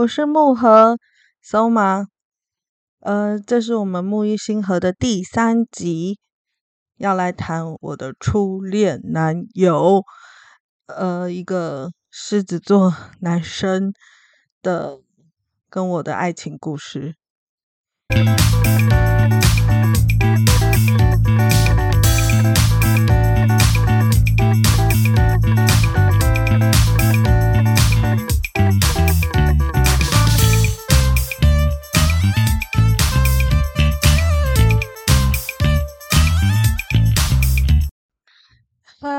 我是沐禾，Soma，呃，這是我們沐遇星禾的第三集，要來談我的初戀男友，呃，一個獅子座男生的跟我的愛情故事。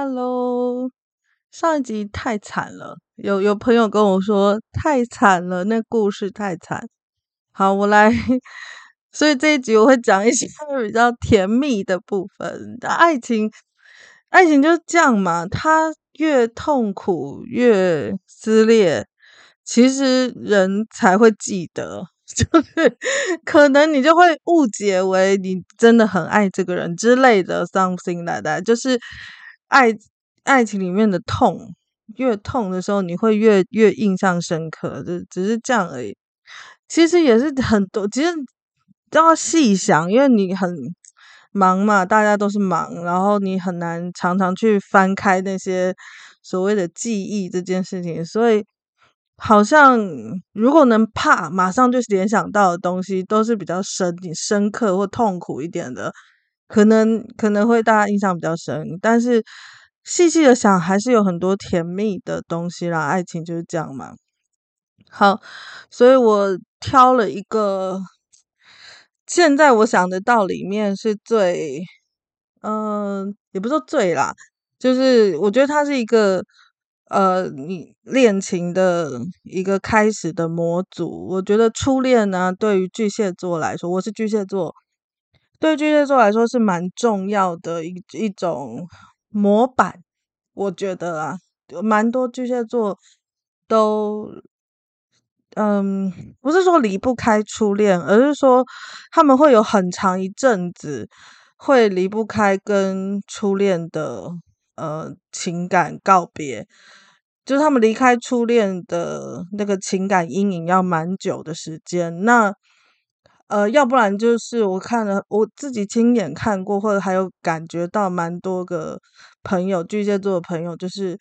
Hello，上一集太慘了，有有朋友跟我說太慘了，那故事太慘。好，我來，所以這一集我會講一些比較甜蜜的部分。愛情，愛情就是這樣嘛，它越痛苦越撕裂，其實人才會記得，就是可能你就會誤解為你真的很愛這個人之類的 something like that，就是。愛愛情裡面的痛，越痛的時候，你會越越印象深刻，就只是這樣而已。其實也是很多，其實都要細想，因為你很忙嘛，大家都是忙，然後你很難常常去翻開那些所謂的記憶這件事情，所以好像如果能怕，馬上就聯想到的東西，都是比較深，你深刻或痛苦一點的。可能可能會，大家印象比較深，但是細細的想，還是有很多甜蜜的東西啦。愛情就是這樣嘛。好，所以我挑了一個，現在我想得到裡面是最，嗯、呃，也不說最啦，就是我覺得它是一個，呃，你戀情的一個開始的模組。我覺得初戀呢、啊，對於巨蟹座來說，我是巨蟹座。對巨蟹座來說是蠻重要的一一種模板，我覺得啊，有蠻多巨蟹座都，嗯，不是說離不開初戀，而是說他們會有很長一陣子會離不開跟初戀的呃情感告別，就是他們離開初戀的那個情感陰影要蠻久的時間，那。呃，要不然就是我看了我自己親眼看過，或者還有感覺到蠻多個朋友，巨蟹座的朋友，就是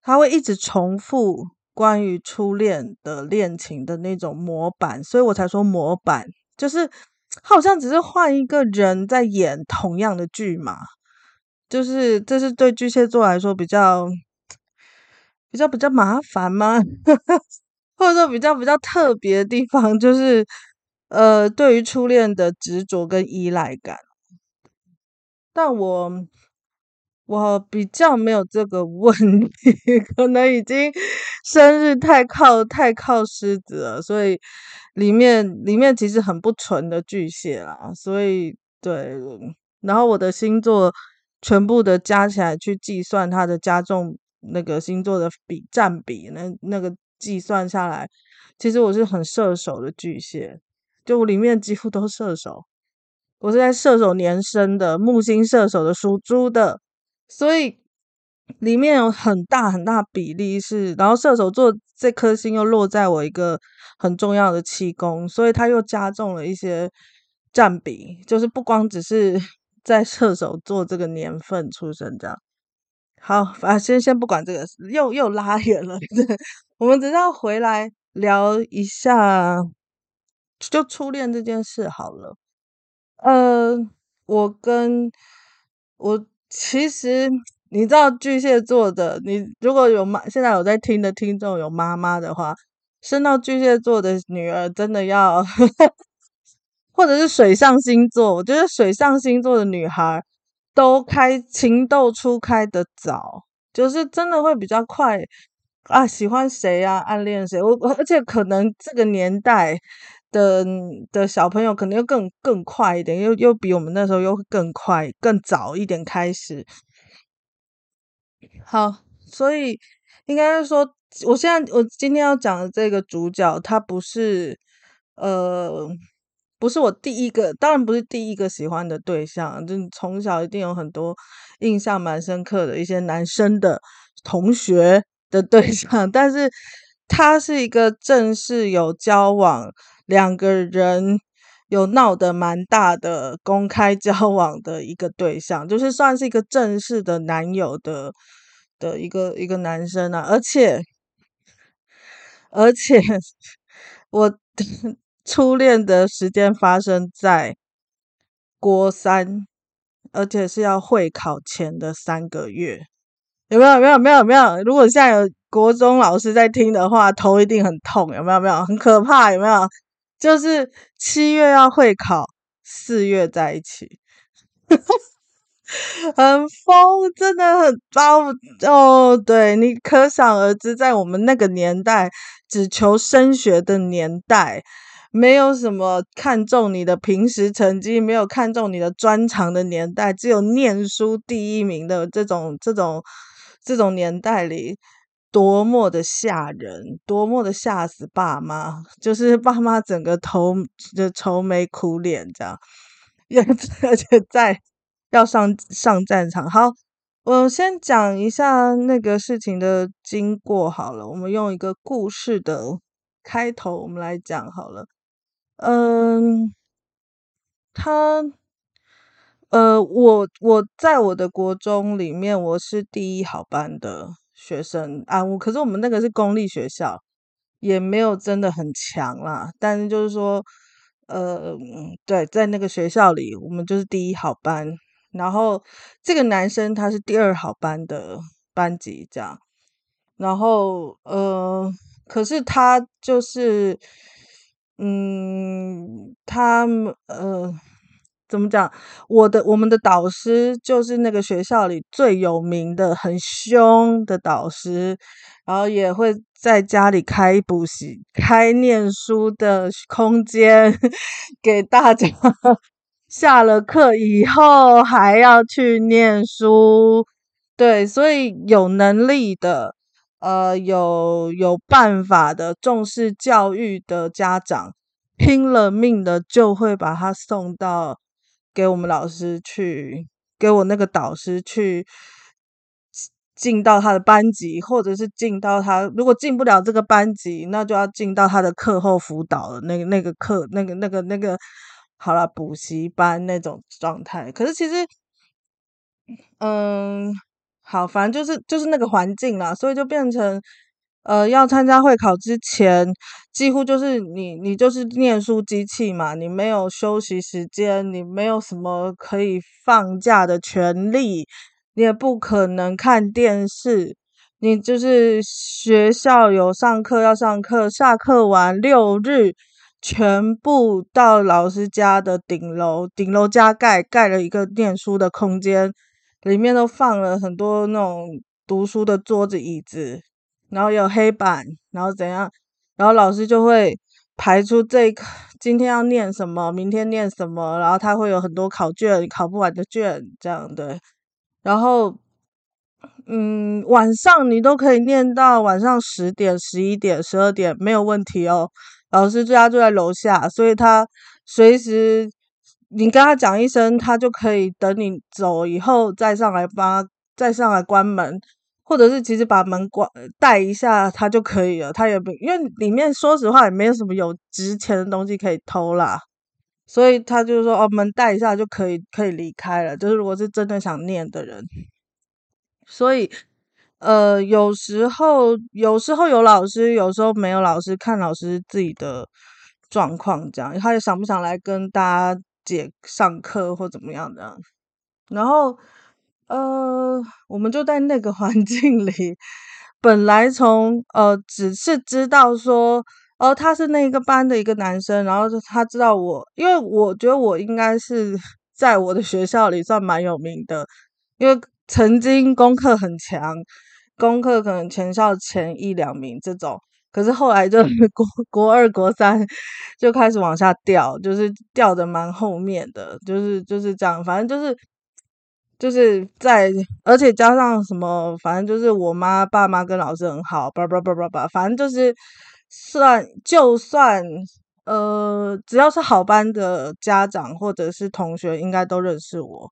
他會一直重複關於初戀的戀情的那種模板，所以我才說模板，就是好像只是換一個人在演同樣的劇嘛，就是這是對巨蟹座來說比較比較比較麻煩嗎？ 或者說比較比較特別的地方就是。呃，對於初戀的執着跟依賴感，但我我比較沒有這個問題，可能已經生日太靠太靠獅子了，所以裡面裡面其實很不純的巨蟹啦。所以對，然後我的星座全部的加起來去計算它的加重那個星座的比占比，那那個計算下來，其實我是很射手的巨蟹。就我裡面幾乎都是射手，我是在射手年生的，木星射手的，屬豬的，所以裡面有很大很大比例是，然後射手座這顆星又落在我一個很重要的七宮，所以它又加重了一些佔比，就是不光只是在射手座這個年份出生這樣。好，啊先先不管這個，又又拉遠了，我們等下回來聊一下，就初戀這件事好了，嗯、呃，我跟我其實你知道巨蟹座的，你如果有媽，現在有在聽的聽眾有媽媽的話，生到巨蟹座的女兒真的要，呵呵或者是水象星座，我覺得水象星座的女孩都開情竇初開的早，就是真的會比較快啊，喜歡誰啊，暗戀誰，我而且可能這個年代。的的小朋友可能又更更快一點，又又比我們那時候又更快、更早一點開始。好，所以應該說，我現在我今天要講的這個主角，他不是呃，不是我第一個，當然不是第一個喜歡的對象，就從小一定有很多印象蠻深刻的一些男生的同學的對象，但是他是一個正式有交往，兩個人有鬧得蠻大的公開交往的一個對象，就是算是一個正式的男友的的一個一個男生啊，而且而且我初戀的時間發生在國三，而且是要會考前的三個月，有沒有？有沒有，有沒有，有沒有。如果現在有國中老師在聽的話，頭一定很痛，有沒有？有沒有，很可怕，有沒有？就是七月要會考，四月在一起， 很瘋，真的很瘋，哦，對，你可想而知，在我們那個年代，只求升學的年代，沒有什麼看重你的平時成績，沒有看重你的專長的年代，只有念書第一名的這種這種這種年代裡。多麼的嚇人，多麼的嚇死爸媽！就是爸媽整個頭就愁眉苦臉這樣，而且在要上上戰場。好，我先講一下那個事情的經過好了。我們用一個故事的開頭，我們來講好了。嗯，他，呃，我我在我的國中裡面，我是第一好班的。學生啊，我可是我們那個是公立學校，也沒有真的很強啦。但是就是說，呃，對，在那個學校裡，我們就是第一好班。然後這個男生他是第二好班的班級這樣。然後呃，可是他就是，嗯，他呃。怎麼講？我的我們的導師就是那個學校裡最有名的、很凶的導師，然後也會在家裡開補習、開念書的空間，給大家下了課以後還要去念書。對，所以有能力的、呃有有辦法的、重視教育的家長，拼了命的就會把他送到。給我們老師去，給我那個導師去進到他的班級，或者是進到他如果進不了這個班級，那就要進到他的課後輔導的那個、那個課那個那個那個、那個、好啦，補習班那種狀態。可是其實，嗯，好，反正就是就是那個環境啦，所以就變成。呃，要參加會考之前，幾乎就是你，你就是念書機器嘛。你沒有休息時間，你沒有什麼可以放假的權利，你也不可能看電視。你就是學校有上課要上課，下課完六日全部到老師家的頂樓，頂樓加蓋蓋了一個念書的空間，裡面都放了很多那種讀書的桌子椅子。然後有黑板，然後怎樣？然後老師就會排出這個今天要念什麼，明天念什麼。然後他會有很多考卷，考不完的卷，這樣對。然後，嗯，晚上你都可以念到晚上十點、十一點、十二點，沒有問題哦。老師家住在樓下，所以他隨時你跟他講一聲，他就可以等你走以後再上來幫，再上來關門。或者是其實把門關帶一下他就可以了，他也不因為裡面說實話也沒有什麼有值錢的東西可以偷啦，所以他就是說哦，門帶一下就可以可以離開了。就是如果是真的想念的人，所以呃有時候有時候有老師有時候沒有老師，看老師自己的狀況這樣，他也想不想來跟大家解上課或怎麼樣的，然後。呃，我們就在那個環境裡，本來從呃只是知道說，哦、呃，他是那個班的一個男生，然後他知道我，因為我覺得我應該是在我的學校裡算蠻有名的，因為曾經功課很強，功課可能全校前一兩名這種，可是後來就是國國二、國三就開始往下掉，就是掉的蠻後面的，就是就是這樣，反正就是。就是在，而且加上什麼，反正就是我媽、爸媽跟老師很好，叭叭叭叭叭，反正就是算就算呃，只要是好班的家長或者是同學，應該都認識我，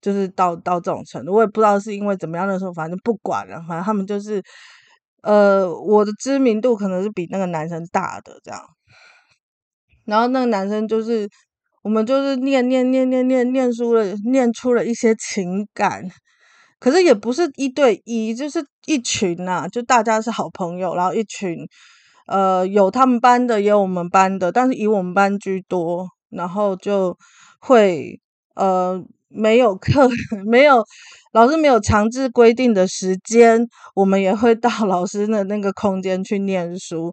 就是到到這種程度，我也不知道是因為怎麼樣的時候，反正不管了，反正他們就是呃，我的知名度可能是比那個男生大的這樣，然後那個男生就是。我們就是念念念念念念書了，念出了一些情感，可是也不是一對一，就是一群吶、啊，就大家是好朋友，然後一群，呃，有他們班的，也有我們班的，但是以我們班居多，然後就會呃，沒有課，沒有。老師沒有強制規定的時間，我們也會到老師的那個空間去念書，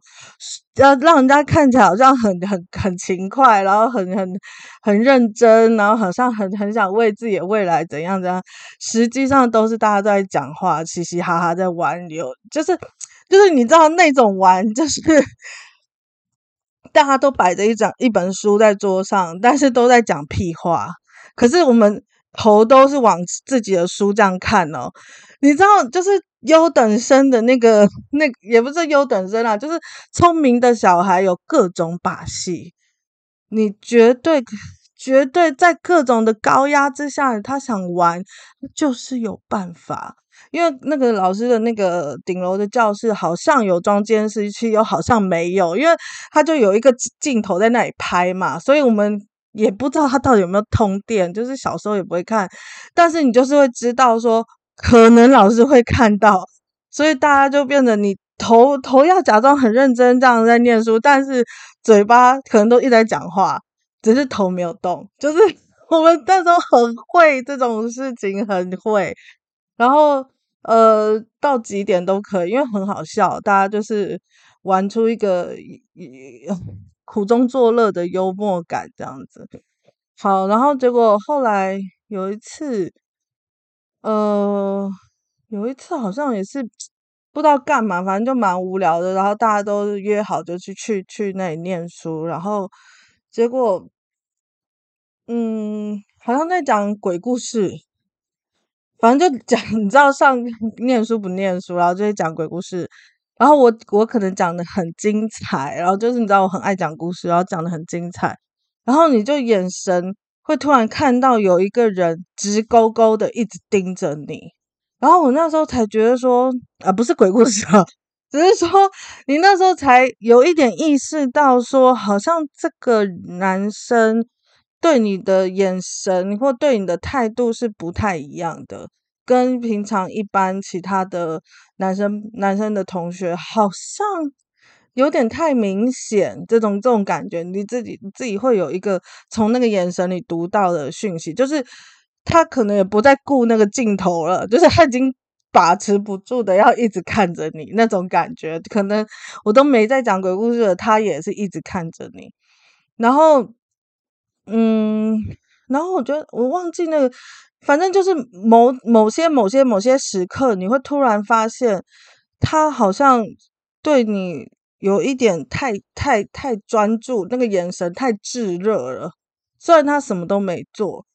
要讓人家看起來好像很很很勤快，然後很很很認真，然後好像很很想為自己的未來怎樣怎樣，實際上都是大家在講話，嘻嘻哈哈在玩流，有就是就是你知道那種玩，就是大家都擺着一張一本書在桌上，但是都在講屁話，可是我們。頭都是往自己的書這樣看哦，你知道，就是優等生的那個，那個也不是優等生啦，啊，就是聰明的小孩有各種把戲，你絕對絕對在各種的高壓之下，他想玩就是有辦法，因為那個老師的那個頂樓的教室好像有裝監視器，又好像沒有，因為他就有一個鏡頭在那裡拍嘛，所以我們。也不知道他到底有沒有通電，就是小時候也不會看，但是你就是會知道說，可能老師會看到，所以大家就變得你頭頭要假裝很認真這樣在念書，但是嘴巴可能都一直在講話，只是頭沒有動。就是我們那時候很會這種事情，很會，然後呃到幾點都可以，因為很好笑，大家就是玩出一個一。苦中作樂的幽默感這樣子，好，然後結果後來有一次，呃，有一次好像也是不知道幹嘛，反正就蠻無聊的。然後大家都約好就去去去那裡念書，然後結果，嗯，好像在講鬼故事，反正就講你知道上念書不念書，然後就是講鬼故事。然後我我可能講的很精彩，然後就是你知道我很愛講故事，然後講的很精彩，然後你就眼神會突然看到有一個人直勾勾的一直盯着你，然後我那時候才覺得說，啊，不是鬼故事啊，只是說你那時候才有一點意識到說，好像這個男生對你的眼神或對你的態度是不太一樣的。跟平常一般，其他的男生男生的同學好像有點太明顯，這種這種感覺，你自己你自己會有一個從那個眼神裡讀到的訊息，就是他可能也不再顧那個鏡頭了，就是他已經把持不住的要一直看着你那種感覺，可能我都沒在講鬼故事了，他也是一直看着你，然後，嗯，然後我覺得我忘記那個。反正就是某某些某些某些時刻，你會突然發現他好像對你有一點太太太專注，那個眼神太炙熱了。雖然他什麼都沒做，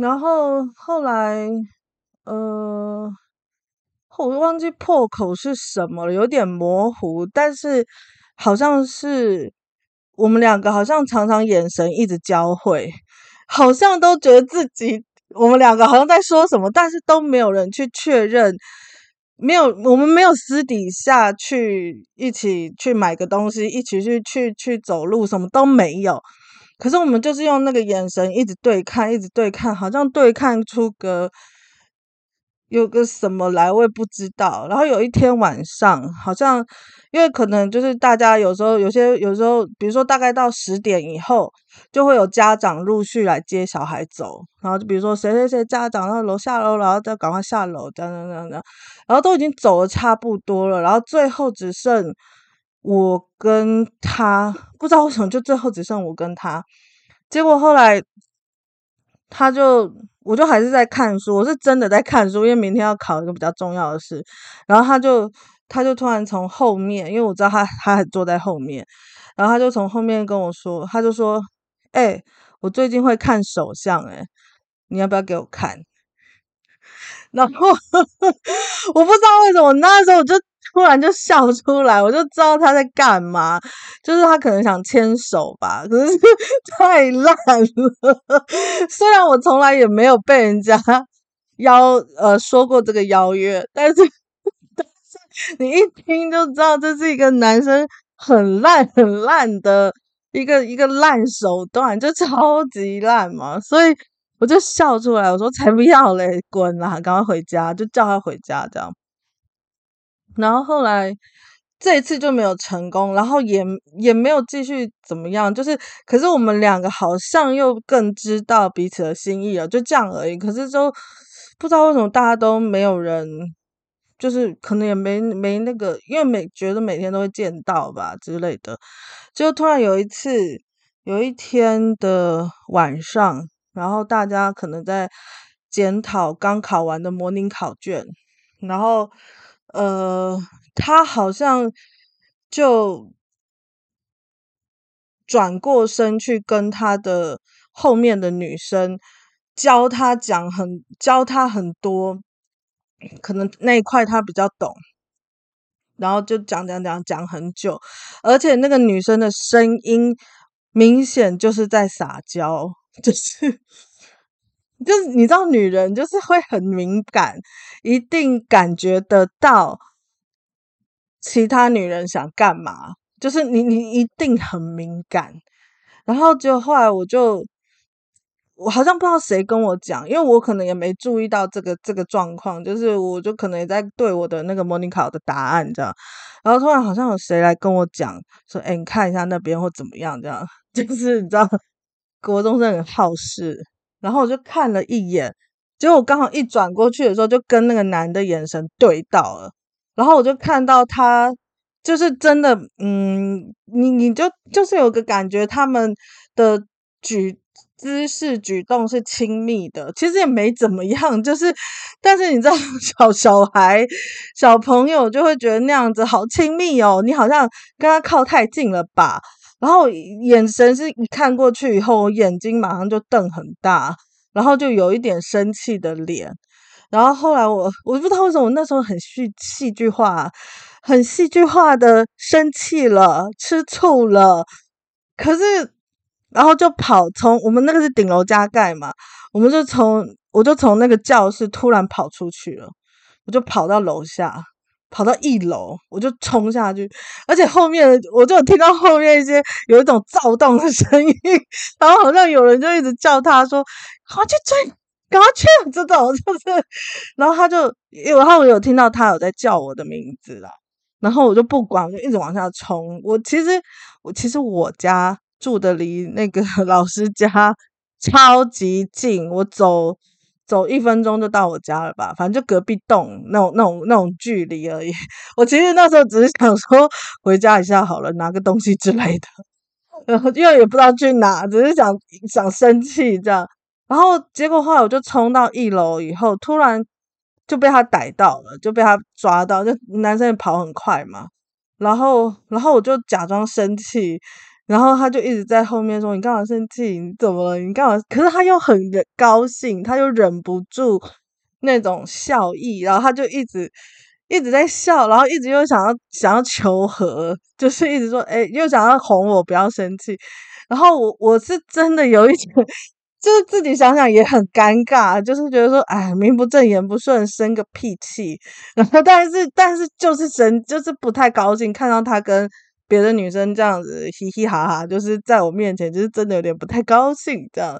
然後後來，呃，我忘記破口是什麼了，有點模糊，但是好像是我們兩個好像常常眼神一直交匯，好像都覺得自己。我們兩個好像在說什麼，但是都沒有人去確認。沒有，我們沒有私底下去一起去買個東西，一起去去去走路，什麼都沒有。可是我們就是用那個眼神一直對看，一直對看，好像對看出格。有個什麼來，我也不知道。然後有一天晚上，好像因為可能就是大家有時候有些有時候，比如說大概到十點以後，就會有家長陸續來接小孩走。然後就比如說誰誰誰家長到樓下樓，然後再趕快下樓等等等等。然後都已經走的差不多了，然後最後只剩我跟他，不知道為什麼就最後只剩我跟他。結果後來。他就，我就還是在看書，我是真的在看書，因為明天要考一個比較重要的事。然後他就，他就突然從後面，因為我知道他他還坐在後面，然後他就從後面跟我說，他就說，哎、欸，我最近會看手相、欸，誒，你要不要給我看？然後 我不知道為什麼，那時候我就。突然就笑出來，我就知道他在幹嘛，就是他可能想牽手吧，可是太爛了。雖然我從來也沒有被人家邀呃說過這個邀約，但是但是你一聽就知道這是一個男生很爛很爛的一個一個爛手段，就超級爛嘛。所以我就笑出來，我說才不要嘞、欸，滾啦，趕快回家，就叫他回家這樣。然後後來這一次就沒有成功，然後也也沒有繼續怎麼樣，就是可是我們兩個好像又更知道彼此的心意了，就這樣而已。可是就不知道為什麼大家都沒有人，就是可能也沒沒那個，因為每覺得每天都會見到吧之類的。就突然有一次，有一天的晚上，然後大家可能在檢討剛考完的模擬考卷，然後。呃，他好像就轉過身去跟他的後面的女生教他講很教他很多，可能那一塊他比較懂，然後就講講講講很久，而且那個女生的聲音明顯就是在撒嬌，就是。就是你知道，女人就是會很敏感，一定感覺得到其他女人想幹嘛。就是你，你一定很敏感。然後就後來我就，我好像不知道誰跟我講，因為我可能也沒注意到這個這個狀況。就是我就可能也在對我的那個模擬考的答案，這樣。然後突然好像有誰來跟我講說：“哎，你看一下那邊或怎麼樣。”這樣就是你知道，國中生很好事。然後我就看了一眼，結果我剛好一轉過去的時候，就跟那個男的眼神對到了。然後我就看到他，就是真的，嗯，你你就就是有個感覺，他們的舉姿勢、舉動是親密的。其實也沒怎麼樣，就是，但是你知道，小小孩、小朋友就會覺得那樣子好親密哦，你好像跟他靠太近了吧。然後眼神是一看過去以後，我眼睛馬上就瞪很大，然後就有一點生氣的臉。然後後來我我不知道為什麼，我那時候很戲戲劇化，很戲劇化的生氣了，吃醋了。可是，然後就跑，從我們那個是頂樓加蓋嘛，我們就從我就從那個教室突然跑出去了，我就跑到樓下。跑到一樓，我就衝下去，而且後面我就有聽到後面一些有一種躁動的聲音，然後好像有人就一直叫他說：“趕快去追，趕快去！”這種是不是？然後他就有，因為他我有聽到他有在叫我的名字啦。然後我就不管，我就一直往下衝。我其實我其實我家住的離那個老師家超級近，我走。走一分鐘就到我家了吧，反正就隔壁棟那種那種那種距離而已。我其實那時候只是想說回家一下好了，拿個東西之類的，然後又也不知道去哪，只是想想生氣這樣。然後結果後來我就衝到一樓以後，突然就被他逮到了，就被他抓到。就男生也跑很快嘛，然後然後我就假裝生氣。然後他就一直在後面說：“你幹嘛生氣？你怎麼了？你幹嘛？”可是他又很高興，他又忍不住那種笑意，然後他就一直一直在笑，然後一直又想要想要求和，就是一直說：“哎，又想要哄我不要生氣。”然後我我是真的有一點，就是自己想想也很尷尬，就是覺得說：“哎，名不正言不順，生個屁氣。”然後但是但是就是生就是不太高興，看到他跟。別的女生這樣子嘻嘻哈哈，就是在我面前，就是真的有點不太高興這樣。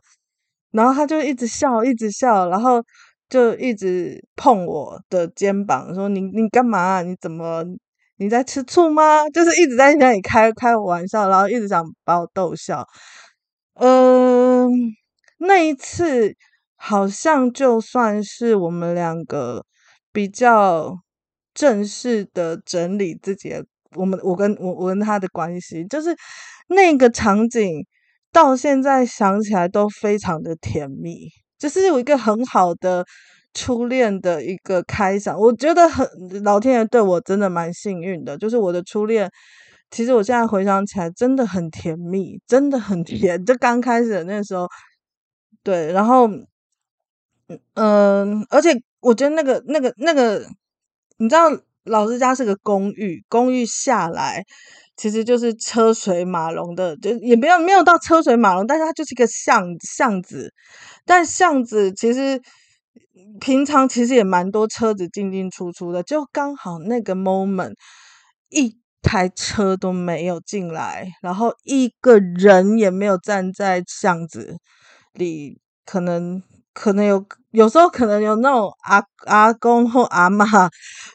然後他就一直笑，一直笑，然後就一直碰我的肩膀，說：「你你你幹嘛？你怎麼？你在吃醋嗎？”就是一直在那裡開開玩笑，然後一直想把我逗笑。嗯，那一次好像就算是我們兩個比較正式的整理自己的。我們我跟我我跟他的關係，就是那個場景，到現在想起來都非常的甜蜜，就是有一個很好的初戀的一個開場。我覺得很老天爺對我真的蠻幸運的，就是我的初戀，其實我現在回想起來真的很甜蜜，真的很甜。就剛開始的那時候，對，然後，嗯、呃，而且我覺得那個那個那個，你知道。老師家是個公寓，公寓下來，其實就是車水馬龍的，就也沒有沒有到車水馬龍，但是它就是一個巷巷子，但巷子其實平常其實也蠻多車子進進出出的，就剛好那個 moment，一台車都沒有進來，然後一個人也沒有站在巷子裡，可能。可能有有時候可能有那種阿阿公或阿嬤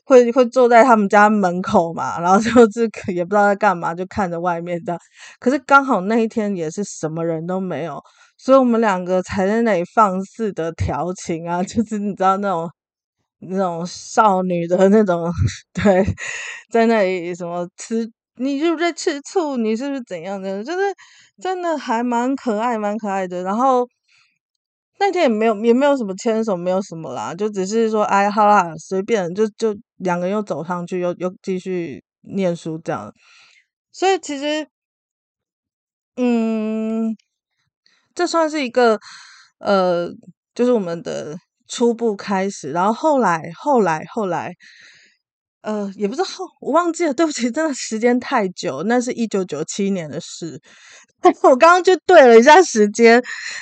會會坐在他們家門口嘛，然後就是也不知道在幹嘛，就看着外面的。可是剛好那一天也是什麼人都沒有，所以我們兩個才在那裡放肆的調情啊，就是你知道那種那種少女的那種對，在那裡什麼吃，你是不是吃醋，你是不是怎樣的，就是真的還蠻可愛蠻可愛的，然後。那天也沒有，也沒有什麼牽手，沒有什麼啦，就只是說，哎，好啦，隨便，就就兩個人又走上去，又又繼續念書這樣。所以其實，嗯，這算是一個，呃，就是我們的初步開始。然後後來，後來，後來。呃，也不是後，我忘記了，對不起，真的時間太久，那是一九九七年的事。 我剛剛就對了一下時間，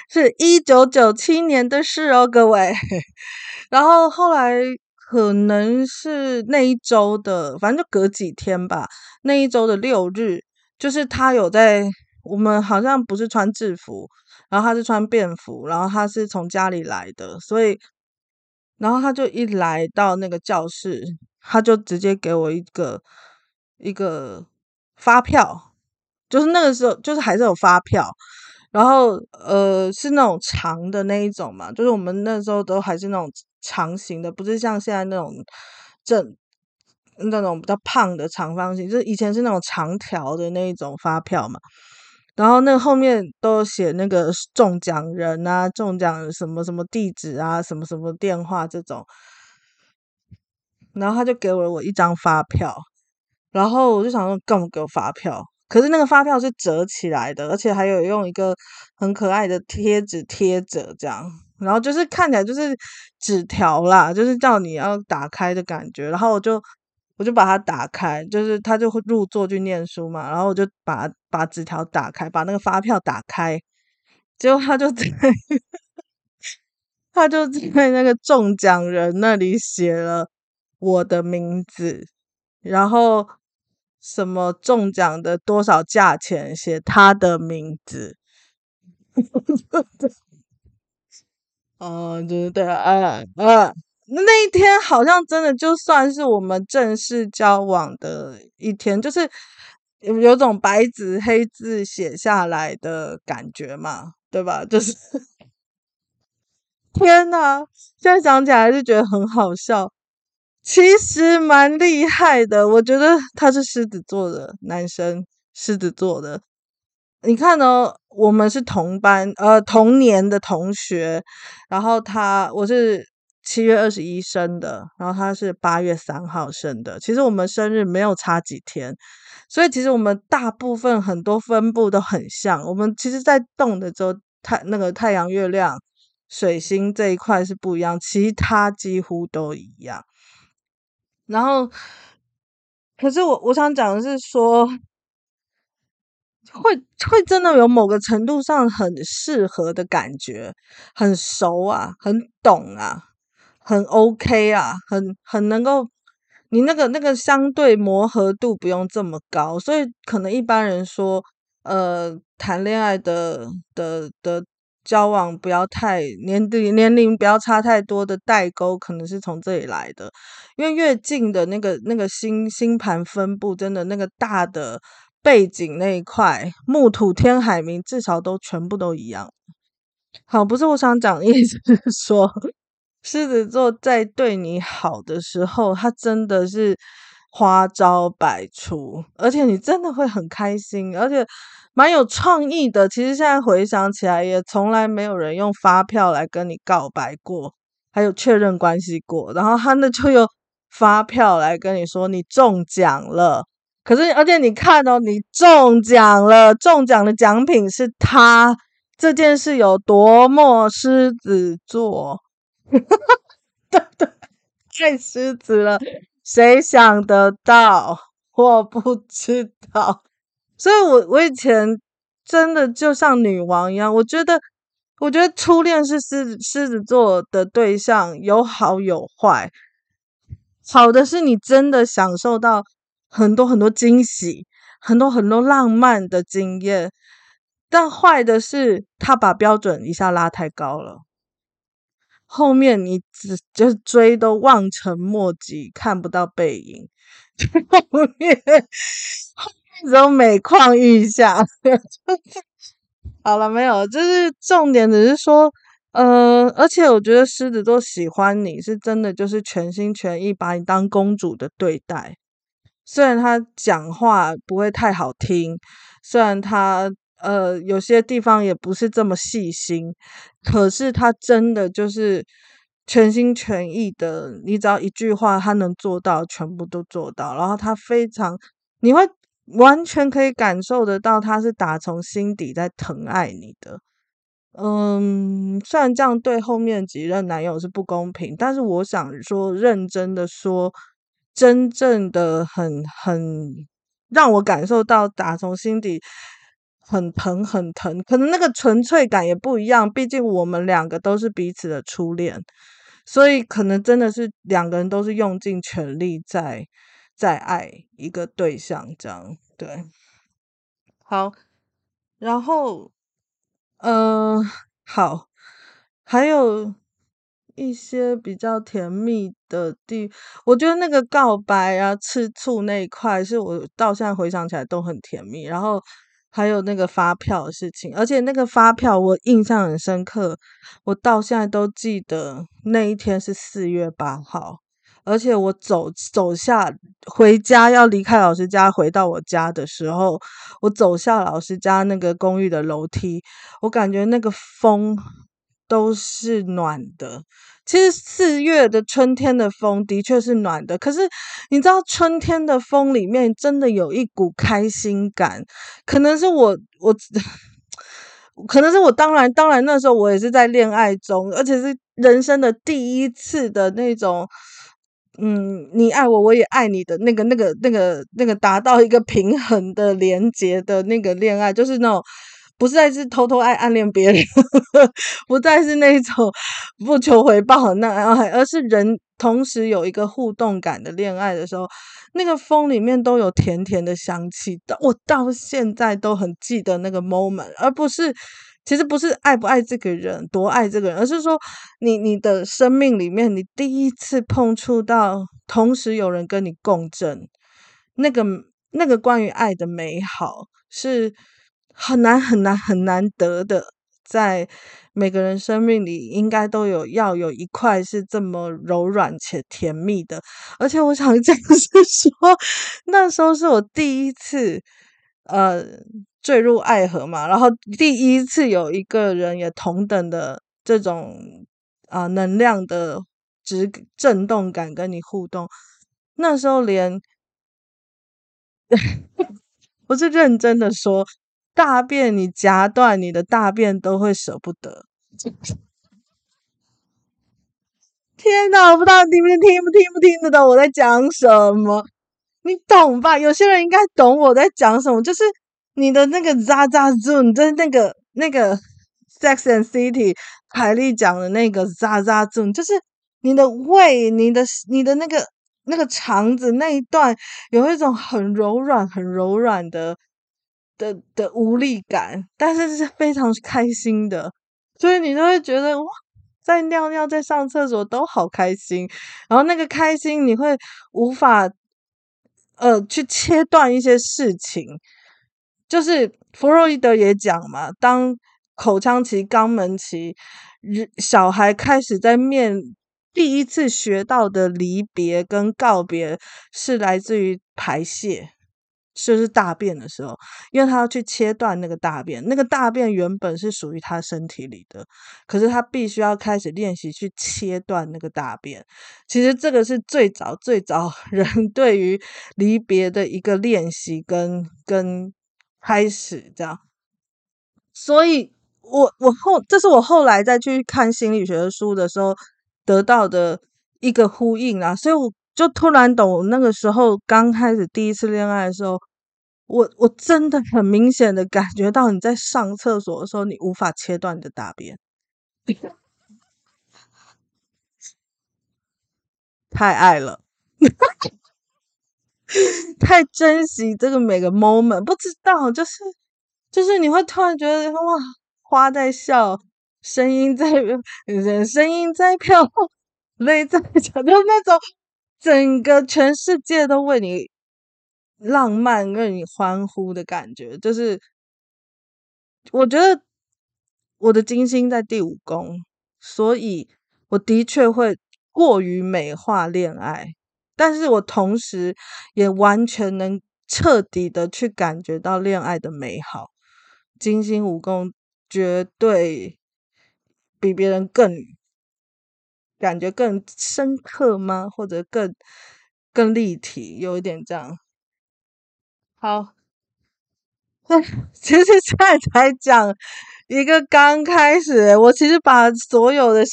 是一九九七年的事哦，各位。 然後後來可能是那一周的，反正就隔幾天吧。那一周的六日，就是他有在，我們好像不是穿制服，然後他是穿便服，然後他是從家裡來的，所以，然後他就一來到那個教室。他就直接給我一個一個發票，就是那個時候就是還是有發票，然後呃是那種長的那一種嘛，就是我們那時候都還是那種長形的，不是像現在那種正那種比較胖的長方形，就是以前是那種長條的那一種發票嘛。然後那後面都寫那個中獎人啊，中獎什麼什麼地址啊，什麼什麼電話這種。然後他就給了我一張發票，然後我就想說幹嘛給我發票？可是那個發票是折起來的，而且還有用一個很可愛的貼紙貼着，這樣，然後就是看起來就是紙條啦，就是叫你要打開的感覺。然後我就我就把它打開，就是他就會入座去念書嘛，然後我就把把紙條打開，把那個發票打開，結果他就在 他就在那個中獎人那裡寫了。我的名字，然後什麼中獎的多少價錢，寫他的名字。 嗯，就是、對對、啊、對，啊、哎、啊、哎，那一天好像真的就算是我們正式交往的一天，就是有種白紙黑字寫下來的感覺嘛，對吧？就是天吶，現在想起來就覺得很好笑。其實蠻厲害的，我覺得他是獅子座的男生，獅子座的。你看哦，我們是同班呃同年的同學，然後他，我是七月二十一生的，然後他是八月三號生的。其實我們生日沒有差幾天，所以其實我們大部分很多分布都很像。我們其實在動的時候，太那個太陽、月亮、水星這一塊是不一樣，其他幾乎都一樣。然後，可是我我想講的是說，會會真的有某個程度上很適合的感覺，很熟啊，很懂啊，很 OK 啊，很很能夠，你那個那個相對磨合度不用這麼高，所以可能一般人說，呃，談戀愛的的的。的交往，不要太年齡年齡不要差太多的代溝，可能是從這裡來的。因為越近的那個那個星星盤分佈，真的那個大的背景那一塊，木土天海冥，至少都全部都一樣。好，不是我想講的意思，是說，獅子座在對你好的時候，他真的是花招百出，而且你真的會很開心，而且。蠻有創意的，其實現在回想起來，也從來沒有人用發票來跟你告白過，還有確認關係過。然後他呢就用發票來跟你說你中獎了，可是而且你看哦，你中獎了，中獎的獎品是他。這件事有多麼獅子座，哈哈，對對，太獅子了，誰想得到？我不知道。所以我，我我以前真的就像女王一樣，我覺得，我覺得初戀是獅子獅子座的對象有好有壞，好的是你真的享受到很多很多驚喜，很多很多浪漫的經驗，但壞的是他把標準一下拉太高了，後面你只就是追都望塵莫及，看不到背影， 後面。 都每況愈下， 好了，沒有，就是重點只是說，呃，而且我覺得獅子座喜歡你是真的，就是全心全意把你當公主的對待。雖然他講話不會太好聽，雖然他呃有些地方也不是這麼細心，可是他真的就是全心全意的。你只要一句話，他能做到全部都做到，然後他非常，你會。完全可以感受得到，他是打從心底在疼愛你的。嗯，雖然這樣對後面幾任男友是不公平，但是我想說，認真的說，真正的很很讓我感受到打從心底很疼很疼，很疼，可能那個純粹感也不一樣，畢竟我們兩個都是彼此的初戀，所以可能真的是兩個人都是用盡全力在。再愛一個對象，這樣對。好，然後，嗯、呃，好，還有一些比較甜蜜的地，我覺得那個告白啊、吃醋那一塊，是我到現在回想起來都很甜蜜。然後還有那個發票的事情，而且那個發票我印象很深刻，我到現在都記得那一天是四月八號。而且我走走下回家要離開老師家回到我家的時候，我走下老師家那個公寓的樓梯，我感覺那個風都是暖的。其實四月的春天的風的確是暖的，可是你知道春天的風裡面真的有一股開心感，可能是我我，可能是我。當然，當然那時候我也是在戀愛中，而且是人生的第一次的那種。嗯，你愛我，我也愛你的，那個、那個、那個、那個達到一個平衡的、連結的那個戀愛，就是那種不再是偷偷愛、暗戀別人， 不再是那種不求回報的那愛，而是人同時有一個互動感的戀愛的時候，那個風裡面都有甜甜的香氣，到我到現在都很記得那個 moment，而不是。其實不是愛不愛這個人，多愛這個人，而是說你你的生命裡面，你第一次碰觸到，同時有人跟你共振，那個那個關於愛的美好是很難很難很難得的，在每個人生命裡應該都有，要有一塊是這麼柔軟且甜蜜的。而且我想講是說，那時候是我第一次，呃。墜入愛河嘛，然後第一次有一個人也同等的這種啊、呃、能量的直震動感跟你互動，那時候連， 我是認真的說，大便你夾斷你的大便都會捨不得。 天哪，我不知道你們聽不聽不聽不聽得懂我在講什麼，你懂吧？有些人應該懂我在講什麼，就是。你的那個渣渣 zoom，就是那個那個《Sex and City》凱莉講的那個渣渣 zoom，就是你的胃，你的，你的那個，那個腸子那一段，有一種很柔軟，很柔軟的，的的無力感，但是是非常開心的，所以你就會覺得哇，在尿尿、在上廁所都好開心。然後那個開心，你會無法呃去切斷一些事情。就是弗洛伊德也講嘛，當口腔期、肛門期，小孩開始在面第一次學到的離別跟告別，是來自於排泄，就是大便的時候，因為他要去切斷那個大便，那個大便原本是屬於他身體裡的，可是他必須要開始練習去切斷那個大便。其實這個是最早最早人對於離別的一個練習跟，跟跟。開始這樣，所以我我後，這是我後來再去看心理學的書的時候得到的一個呼應啊，所以我就突然懂，那個時候剛開始第一次戀愛的時候，我我真的很明顯的感覺到，你在上廁所的時候，你無法切斷你的大便，太愛了。 太珍惜這個每個 moment，不知道就是就是你會突然覺得哇，花在笑，聲音在人聲音在飄，淚在講就是、那種整個全世界都為你浪漫，為你歡呼的感覺，就是我覺得我的金星在第五宮，所以我的確會過於美化戀愛。但是我同時，也完全能徹底的去感覺到戀愛的美好。金星武功絕對比別人更感覺更深刻嗎？或者更更立體，有一點這樣。好，其實現在才講一個剛開始，我其實把所有的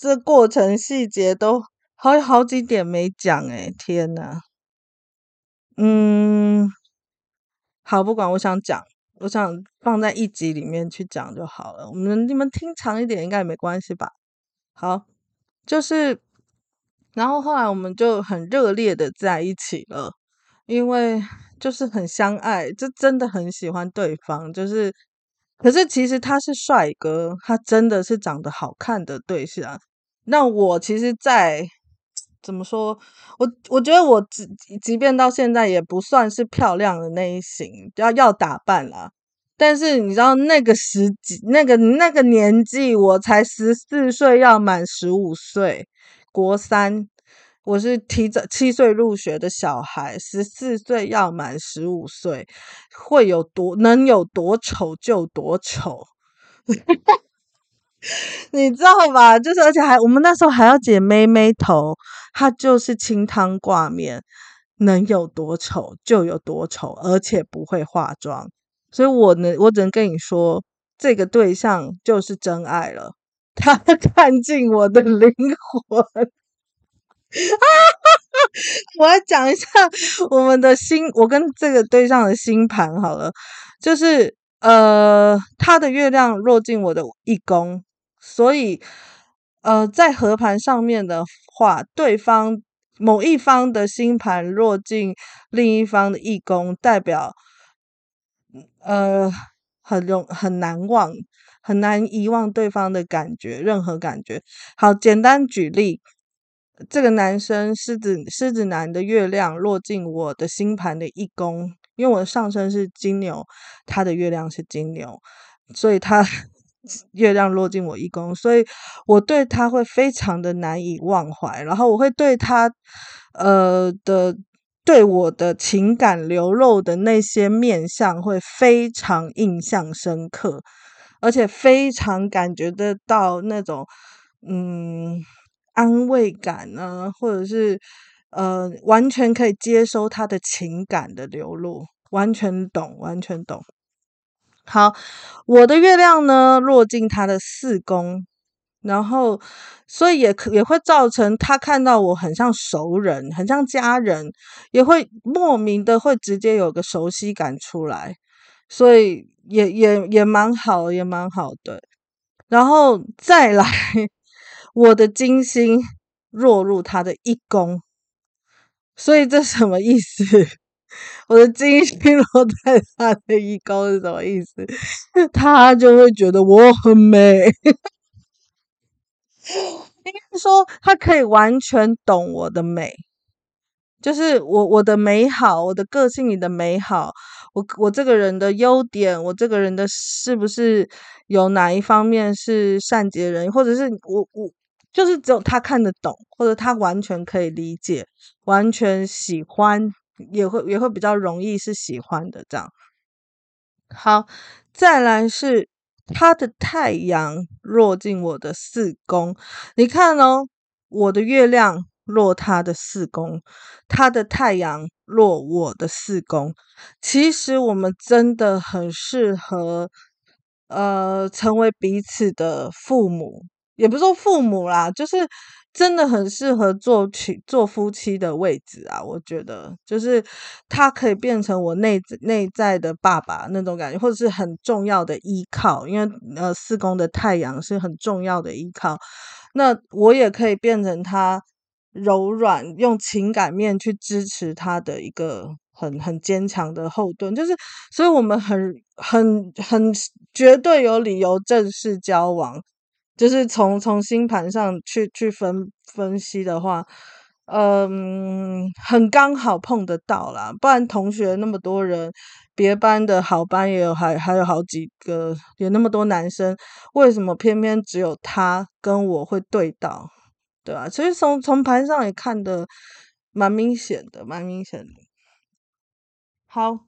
這過程細節都。好，有好幾點沒講誒、欸、天吶、啊、嗯，好，不管，我想講，我想放在一集裡面去講就好了。我們你們聽長一點應該也沒關係吧？好，就是，然後後來我們就很熱烈的在一起了，因為就是很相愛，就真的很喜歡對方，就是，可是其實他是帥哥，他真的是長得好看的對象，那我其實，在。怎麼說？我我覺得我即，即即便到現在也不算是漂亮的那一型，要要打扮啦。但是你知道那個時機那個那個年紀，我才十四歲，要滿十五歲，國三，我是提早七歲入學的小孩，十四歲要滿十五歲，會有多能有多醜就多醜。 你知道吧？就是而且還我們那時候還要剪妹妹頭，他就是清湯掛麵，能有多醜就有多醜，而且不會化妝，所以我呢，我只能跟你說，這個對象就是真愛了，他看盡我的靈魂。啊， 我來講一下我們的星，我跟這個對象的星盤好了，就是呃，他的月亮落進我的一宮。所以，呃，在合盤上面的話，對方某一方的星盤落進另一方的一宮，代表呃很容很難忘很難遺忘對方的感覺，任何感覺。好，簡單舉例，這個男生獅子獅子男的月亮落進我的星盤的一宮，因為我的上升是金牛，他的月亮是金牛，所以他。月亮落進我一宮，所以我對他會非常的難以忘懷，然後我會對他，呃的對我的情感流露的那些面相會非常印象深刻，而且非常感覺得到那種嗯安慰感呢、啊，或者是呃完全可以接收他的情感的流露，完全懂，完全懂。好，我的月亮呢落進他的四宮，然後所以也可也會造成他看到我很像熟人，很像家人，也會莫名的會直接有個熟悉感出來，所以也也也蠻好，也蠻好的。然後再來，我的金星落入他的一宮，所以這什麼意思？我的金星落在他的一宮是什麼意思？他就會覺得我很美。 應該說，他可以完全懂我的美，就是我我的美好，我的個性裡的美好，我我這個人的優點，我這個人的是不是有哪一方面是善解人意，或者是我我就是只有他看得懂，或者他完全可以理解，完全喜歡。也會也會比較容易是喜歡的這樣，好，再來是他的太陽落進我的四宮，你看哦，我的月亮落他的四宮，他的太陽落我的四宮，其實我們真的很適合，呃，成為彼此的父母。也不是說父母啦，就是真的很適合做妻做夫妻的位置啊。我覺得，就是他可以變成我內內在的爸爸那種感覺，或者是很重要的依靠。因為呃，四宮的太陽是很重要的依靠。那我也可以變成他柔軟，用情感面去支持他的一個很很堅強的後盾。就是，所以我們很很很絕對有理由正式交往。就是從從星盤上去去分分析的話，嗯，很剛好碰得到啦，不然同學那麼多人，別班的好班也有，還有還有好幾個，有那麼多男生，為什麼偏偏只有他跟我會對到，對吧？其實從從盤上也看得蠻明顯的，蠻明顯的，好。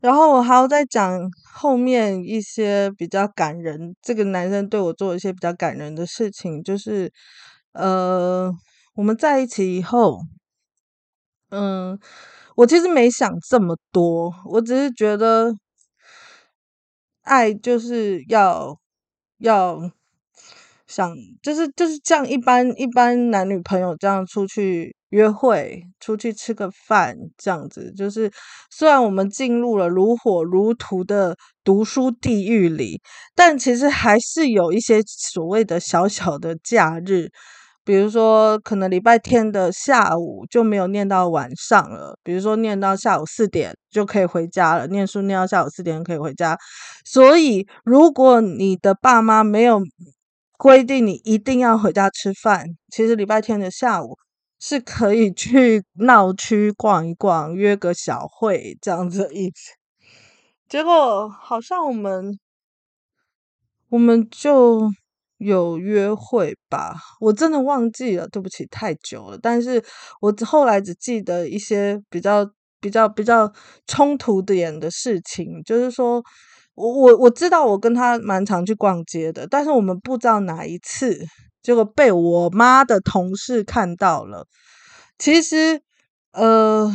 然後我還要再講後面一些比較感人，這個男生對我做一些比較感人的事情，就是，呃，我們在一起以後，嗯、呃，我其實沒想這麼多，我只是覺得，愛就是要要想，就是就是像一般一般男女朋友這樣出去。約會、出去吃個飯，這樣子就是，雖然我們進入了如火如荼的讀書地獄裡，但其實還是有一些所謂的小小的假日，比如說可能禮拜天的下午就沒有念到晚上了，比如說念到下午四點就可以回家了。念書念到下午四點可以回家，所以如果你的爸媽沒有規定你一定要回家吃飯，其實禮拜天的下午，是可以去鬧區逛一逛，約個小會這樣子的意思。結果好像我們我們就有約會吧？我真的忘記了，對不起，太久了。但是我後來只記得一些比較比較比較衝突點的事情，就是說我我我知道我跟他蠻常去逛街的，但是我們不知道哪一次。結果被我媽的同事看到了。其實，呃，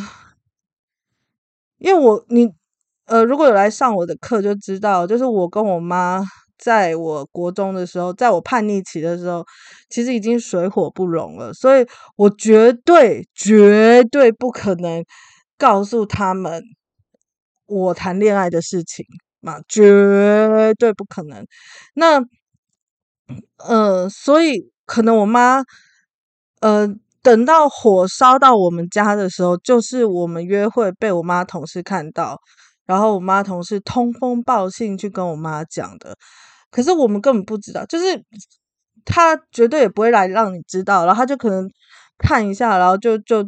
因為我你呃，如果有來上我的課就知道，就是我跟我媽在我國中的時候，在我叛逆期的時候，其實已經水火不容了。所以我絕對絕對不可能告訴他們我談戀愛的事情嘛，絕對不可能。那。嗯、呃，所以可能我媽，呃，等到火燒到我們家的時候，就是我們約會被我媽同事看到，然後我媽同事通風報信去跟我媽講的。可是我們根本不知道，就是他絕對也不會來讓你知道，然後他就可能看一下，然後就就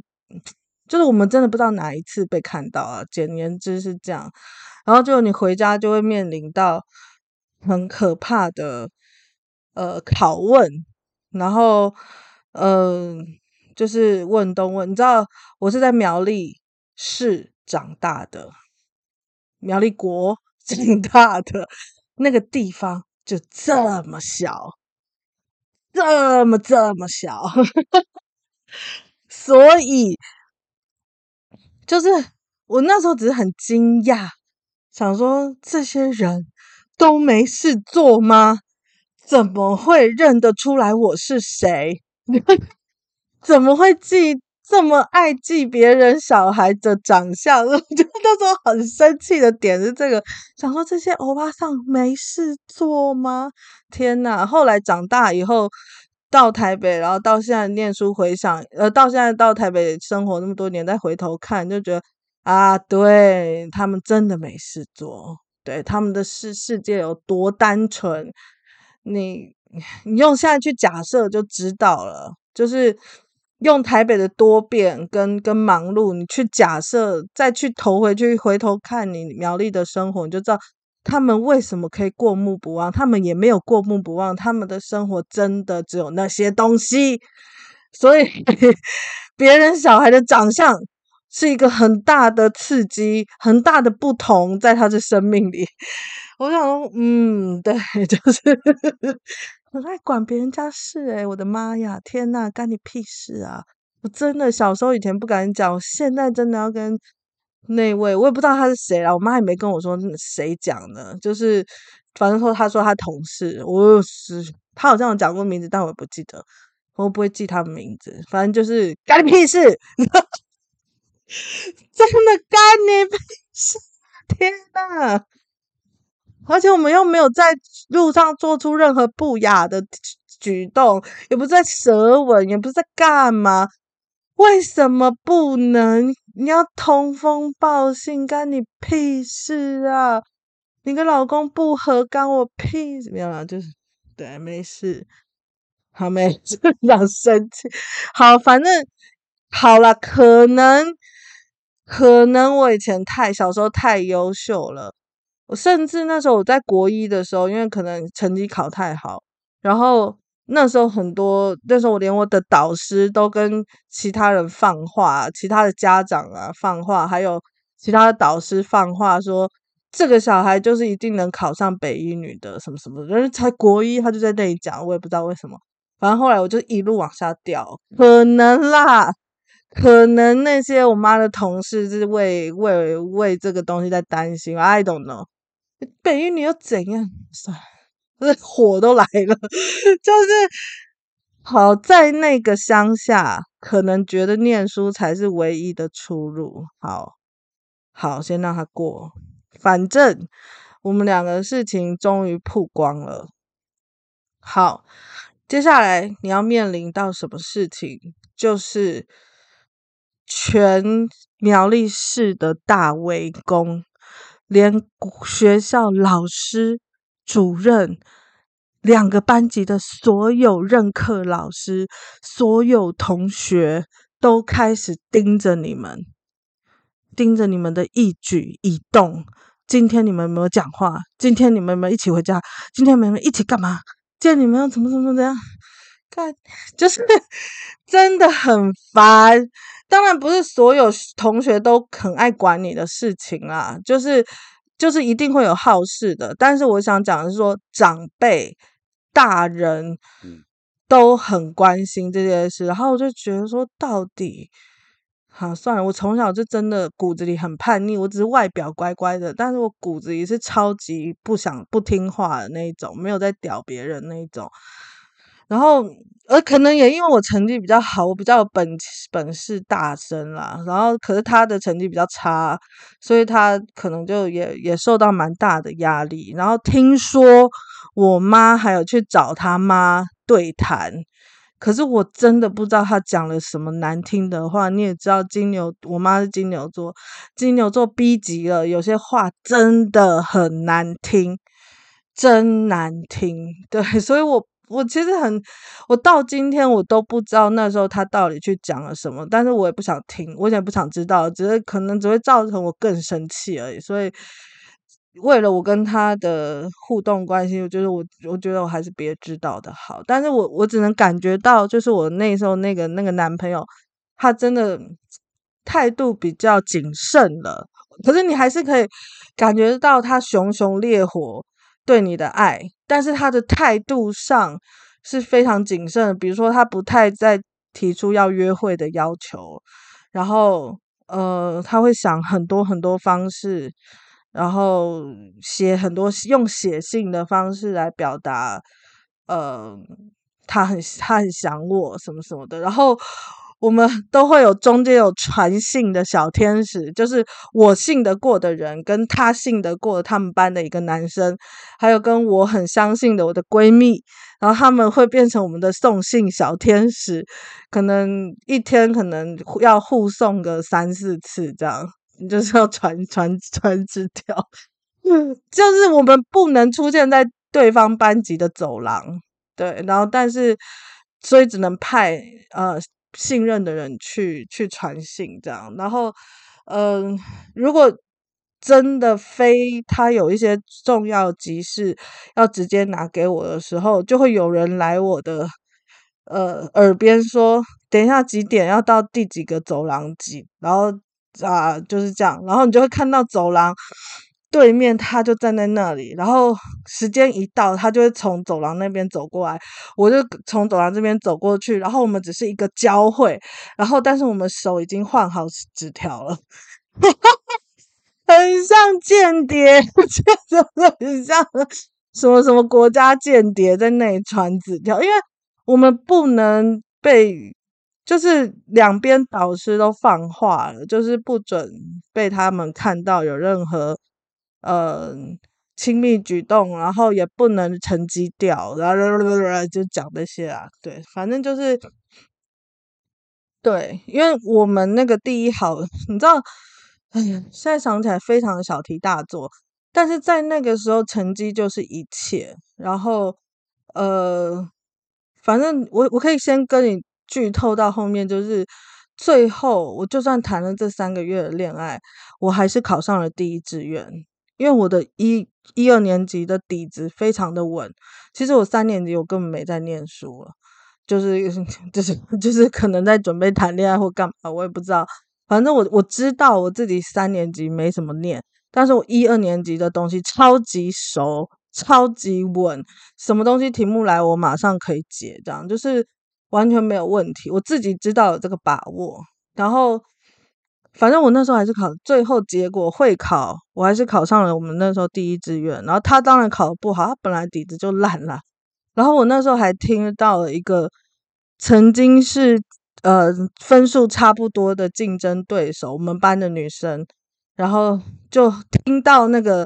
就是我們真的不知道哪一次被看到啊。簡言之是這樣，然後就你回家就會面臨到很可怕的。呃，拷問，然後，嗯、呃，就是問東問，你知道我是在苗栗市長大的，苗栗國挺大的，那個地方就這麼小，這麼這麼小， 所以就是我那時候只是很驚訝，想說這些人都沒事做嗎？怎麼會認得出來我是誰？ 怎麼會記這麼愛記別人小孩的長相？我覺得那時候很生氣的點是這個，想說這些歐巴桑沒事做嗎？天吶，後來長大以後到台北，然後到現在念書回想，呃，到現在到台北生活那麼多年，再回頭看，就覺得啊，對，他們真的沒事做，對，他們的世世界有多單純。你你用現在去假設就知道了，就是用台北的多變跟跟忙碌，你去假設，再去投回去，回頭看你苗栗的生活，你就知道他們為什麼可以過目不忘，他們也沒有過目不忘，他們的生活真的只有那些東西，所以， 別人小孩的長相是一個很大的刺激，很大的不同在他的生命裡。我想說，嗯，對，就是 我在管別人家事、欸，誒我的媽呀，天吶，干你屁事啊！我真的小時候以前不敢講，我現在真的要跟那位，我也不知道他是誰了，我媽也沒跟我說誰講的，就是反正說他說他同事，我是他好像有講過名字，但我也不記得，我不會記他的名字，反正就是干你屁事， 真的干你屁事，天吶！而且我們又沒有在路上做出任何不雅的舉動，也不是在舌吻，也不是在幹嘛？為什麼不能？你要通風報信幹你屁事啊？你跟老公不和幹我屁怎麼樣？沒有啦，就是對，沒事，好沒事，不 要生氣。好，反正好了，可能可能我以前太小時候太優秀了。我甚至那時候我在國一的時候，因為可能成績考太好，然後那時候很多，那時候我連我的導師都跟其他人放話，其他的家長啊放話，還有其他的導師放話說這個小孩就是一定能考上北一女的，什麼什麼的，就是才國一他就在那裡講，我也不知道為什麼，反正後來我就一路往下掉，可能啦，可能那些我媽的同事是為為為這個東西在擔心，I don't know。北域，你又怎樣？算了，這火都來了，就是好在那個鄉下，可能覺得念書才是唯一的出路。好，好，先讓他過。反正我們兩個事情終於曝光了。好，接下來你要面臨到什麼事情？就是全苗栗市的大圍攻。連學校老師、主任、兩個班級的所有任課老師、所有同學都開始盯着你們，盯着你們的一舉一動。今天你們有沒有講話，今天你們有沒有一起回家，今天你們一起幹嘛？見你們要怎麼怎麼怎麼樣？幹，就是真的很煩。當然不是所有同學都很愛管你的事情啦，就是就是一定會有好事的。但是我想講的是說，長輩大人都很關心這件事。然後我就覺得說，到底好，啊，算了。我從小就真的骨子裡很叛逆，我只是外表乖乖的，但是我骨子裡是超級不想不聽話的那一種，沒有在屌別人那一種。然後。呃，而可能也因為我成績比較好，我比較有本本事大聲啦，然後可是他的成績比較差，所以他可能就也也受到蠻大的壓力。然後聽說我媽還有去找他媽對談，可是我真的不知道他講了什麼難聽的話。你也知道金牛，我媽是金牛座，金牛座逼急了，有些話真的很難聽，真難聽。對，所以我。我其實很，我到今天我都不知道那時候他到底去講了什麼，但是我也不想聽，我也不想知道，只是可能只會造成我更生氣而已。所以，為了我跟他的互動關係，就是、我覺得我我覺得我還是別知道的好。但是我我只能感覺到，就是我那時候那個那個男朋友，他真的態度比較謹慎了。可是你還是可以感覺到他熊熊烈火。對你的愛，但是他的態度上是非常謹慎的。比如說，他不太再提出要約會的要求，然後呃，他會想很多很多方式，然後寫很多用寫信的方式來表達，嗯、呃，他很他很想我什麼什麼的，然後。我們都會有中間有傳信的小天使，就是我信得過的人，跟他信得過他們班的一個男生，還有跟我很相信的我的閨蜜，然後他們會變成我們的送信小天使，可能一天可能要互送個三四次這樣，就是要傳傳傳紙條，嗯， 就是我們不能出現在對方班級的走廊，對，然後但是所以只能派呃。信任的人去去傳信這樣，然後，嗯、呃，如果真的非他有一些重要急事要直接拿給我的時候，就會有人來我的呃耳邊說：“等一下幾點要到第幾個走廊幾？”然後啊就是這樣，然後你就會看到走廊。對面他就站在那裡，然後時間一到，他就會從走廊那邊走過來，我就從走廊這邊走過去，然後我們只是一個交匯，然後但是我們手已經換好紙條了， 很像間諜，就是很像什麼什麼國家間諜在那裡傳紙條，因為我們不能被，就是兩邊導師都放話了，就是不准被他們看到有任何。嗯、呃，親密舉動，然後也不能成績掉，然後就講那些啊，對，反正就是對，因為我們那個第一好，你知道，哎呀，現在想起來非常的小題大做，但是在那個時候，成績就是一切，然後呃，反正我我可以先跟你劇透到後面，就是最後我就算談了這三個月的戀愛，我還是考上了第一志願。因為我的一一二年級的底子非常的穩，其實我三年級我根本沒在念書了，就是就是就是可能在準備談戀愛或幹嘛，我也不知道。反正我我知道我自己三年級沒什麼念，但是我一二年級的東西超級熟，超級穩，什麼東西題目來我馬上可以解，這樣就是完全沒有問題，我自己知道有這個把握，然後。反正我那時候還是考，最後結果會考，我還是考上了我們那時候第一志願。然後他當然考得不好，他本來底子就爛了。然後我那時候還聽到了一個曾經是呃分數差不多的競爭對手，我們班的女生，然後就聽到那個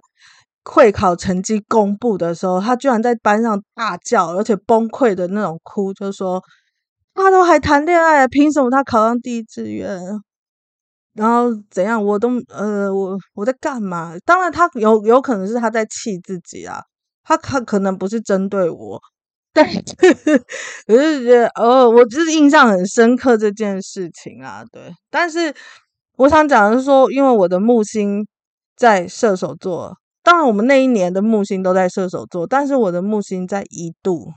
會考成績公布的時候，她居然在班上大叫，而且崩潰的那種哭，就說她都還談戀愛，憑什麼她考上第一志願？然後怎樣？我都呃，我我在幹嘛？當然，他有有可能是他在氣自己啊，他他可能不是針對我。對， 我是覺得哦、呃，我就是印象很深刻這件事情啊。對，但是我想講的是說，因為我的木星在射手座，當然我們那一年的木星都在射手座，但是我的木星在一度、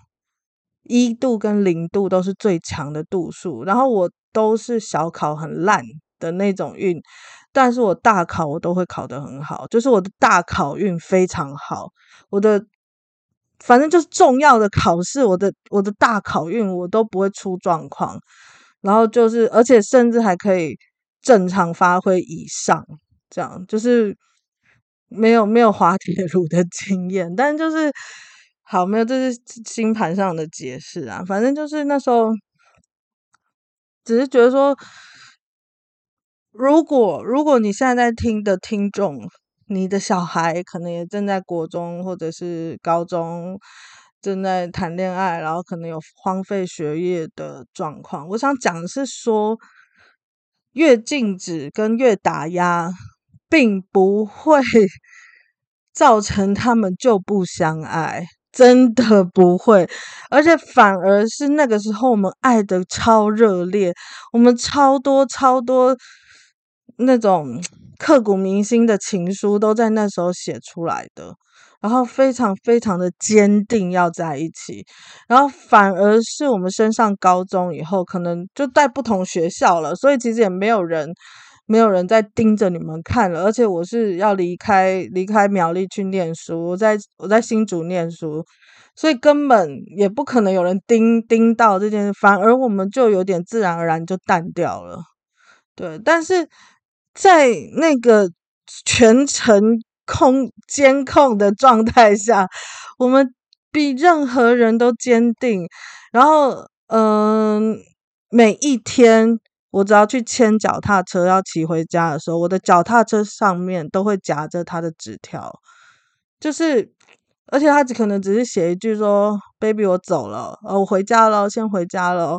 一度跟零度都是最強的度數，然後我都是小考很爛的那種運，但是我大考我都會考得很好，就是我的大考運非常好，我的反正就是重要的考試，我的我的大考運我都不會出狀況，然後就是而且甚至還可以正常發揮以上，這樣就是沒有沒有滑鐵盧的經驗，但就是好沒有，這是、就是星盤上的解釋啊，反正就是那時候只是覺得說。如果如果你現在在聽的聽眾，你的小孩可能也正在國中或者是高中，正在談戀愛，然後可能有荒廢學業的狀況。我想講的是說，越禁止跟越打壓，並不會造成他們就不相愛，真的不會，而且反而是那個時候我們愛的超熱烈，我們超多超多。那種刻骨銘心的情書都在那時候寫出來的，然後非常非常的堅定要在一起，然後反而是我們升上高中以後，可能就在不同學校了，所以其實也沒有人，沒有人再盯着你們看了。而且我是要離開離開苗栗去念書，我在我在新竹念書，所以根本也不可能有人盯盯到這件事，反而我們就有點自然而然就淡掉了。對，但是。在那個全城空監控的狀態下，我們比任何人都堅定。然後，嗯、呃，每一天我只要去牽腳踏車要騎回家的時候，我的腳踏車上面都會夾着他的紙條，就是而且他只可能只是寫一句說：“baby，我走了，呃、哦，我回家了，先回家了。”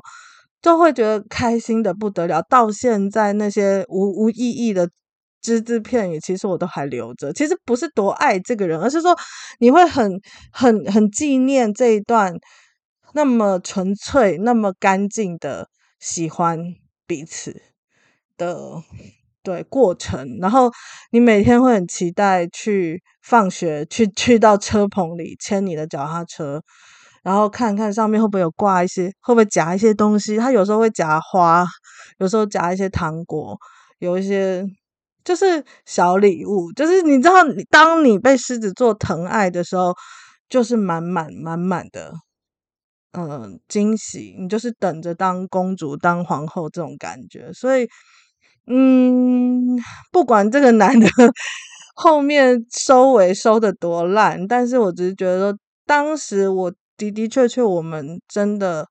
就會覺得開心的不得了。到現在那些無無意義的只字片語，其實我都還留着。其實不是多愛這個人，而是說你會很很很紀念這一段那麼純粹、那麼乾淨的喜歡彼此的對過程。然後你每天會很期待去放學，去去到車棚裡牽你的腳踏車，然後看看上面會不會有掛一些，會不會夾一些東西？他有時候會夾花，有時候夾一些糖果，有一些就是小禮物。就是你知道，當你被獅子座疼愛的時候，就是滿滿滿滿的，嗯、呃，驚喜。你就是等着當公主、當皇後這種感覺。所以，嗯，不管這個男的後面收尾收的多爛，但是我只是覺得說，當時我。的的確確，我們真的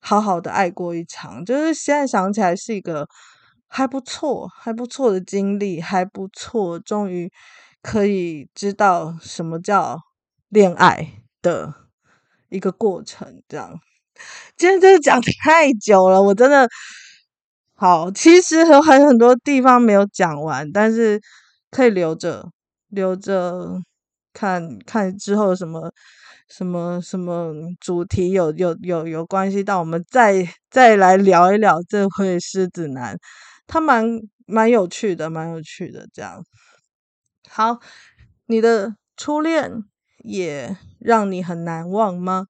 好好的愛過一場，就是現在想起來是一個還不錯、還不錯的經歷，還不錯。終於可以知道什麼叫戀愛的一個過程。這樣，今天真的講太久了，我真的好。其實還有很多地方沒有講完，但是可以留着，留着看，看看之後有什麼。什麼什麼主題有有有有關係到我們再再來聊一聊這位獅子男，他蠻蠻有趣的，蠻有趣的這樣。好，你的初戀也讓你很難忘嗎？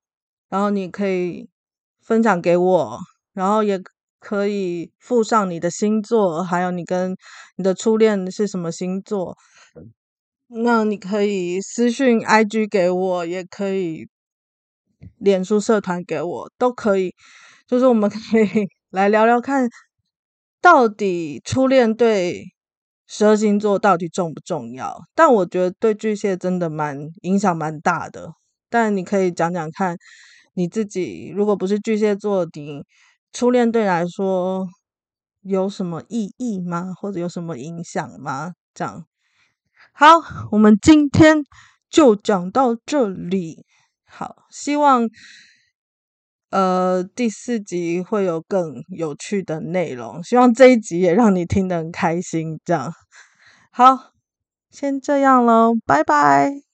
然後你可以分享給我，然後也可以附上你的星座，還有你跟你的初戀是什麼星座。那你可以私訊 IG 給我，也可以臉書社團給我，都可以。就是我們可以 來聊聊看，到底初戀對十二星座到底重不重要？但我覺得對巨蟹真的蠻影響蠻大的。但你可以講講看，你自己如果不是巨蟹座，的，初戀對來說有什麼意義嗎？或者有什麼影響嗎？這樣。好，我們今天就講到這裡。好，希望呃第四集會有更有趣的內容。希望這一集也讓你聽得很開心。這樣，好，先這樣嘍，拜拜。